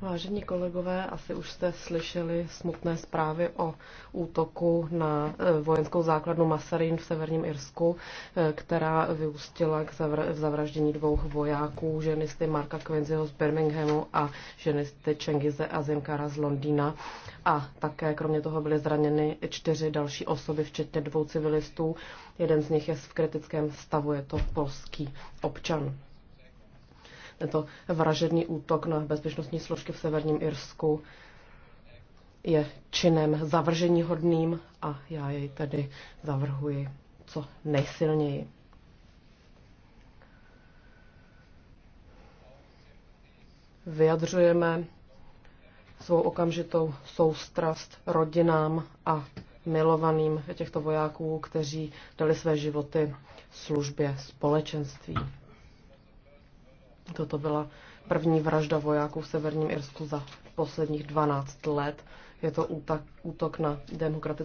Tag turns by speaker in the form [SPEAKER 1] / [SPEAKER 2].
[SPEAKER 1] Vážení kolegové, asi už jste slyšeli smutné zprávy o útoku na e, vojenskou základnu Masarin v severním Irsku, e, která vyústila k zavr- v zavraždění dvou vojáků, ženisty Marka Quincyho z Birminghamu a ženisty Čengize Azimkara z Londýna. A také kromě toho byly zraněny čtyři další osoby, včetně dvou civilistů. Jeden z nich je v kritickém stavu, je to polský občan. Tento vražedný útok na bezpečnostní složky v severním Irsku je činem zavržení hodným a já jej tedy zavrhuji co nejsilněji. Vyjadřujeme svou okamžitou soustrast rodinám a milovaným těchto vojáků, kteří dali své životy službě společenství. Toto byla první vražda vojáků v Severním Irsku za posledních 12 let. Je to útok na demokratické.